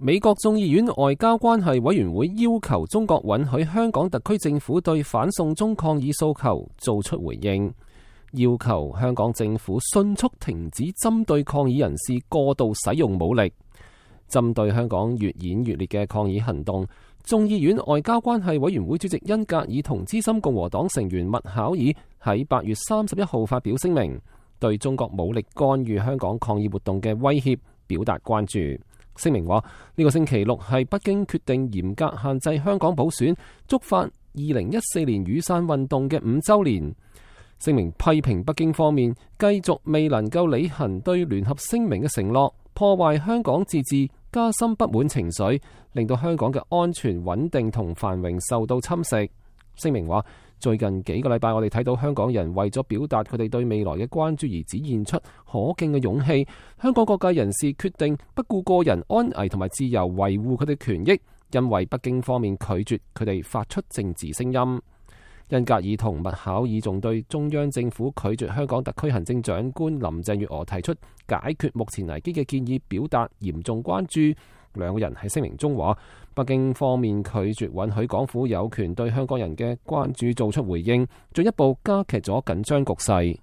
美國眾議院外交關係委員會要求中國允許香港特區政府對反送中抗議訴求做出回應，要求香港政府迅速停止針對抗議人士過度使用武力。針對香港越演越烈嘅抗議行動，眾議院外交關係委員會主席恩格爾同資深共和黨成員麥考爾喺八月三十一號發表聲明，對中國武力干預香港抗議活動嘅威脅表達關注。聲明話：呢個星期六係北京決定嚴格限制香港普選，觸發二零一四年雨傘運動嘅五週年。聲明批評北京方面繼續未能夠履行對聯合聲明嘅承諾，破壞香港自治，加深不滿情緒，令到香港嘅安全穩定同繁榮受到侵蝕。聲明話。最近幾個禮拜，我哋睇到香港人為咗表達佢哋對未來嘅關注而展現出可敬嘅勇氣。香港各界人士決定不顧個人安危同埋自由維護佢哋權益，因為北京方面拒絕佢哋發出政治聲音。恩格爾同麥考爾仲對中央政府拒絕香港特區行政長官林鄭月娥提出解決目前危機嘅建議，表達嚴重關注。兩個人喺聲明中話，北京方面拒絕允許港府有權對香港人嘅關注做出回應，進一步加劇咗緊張局勢。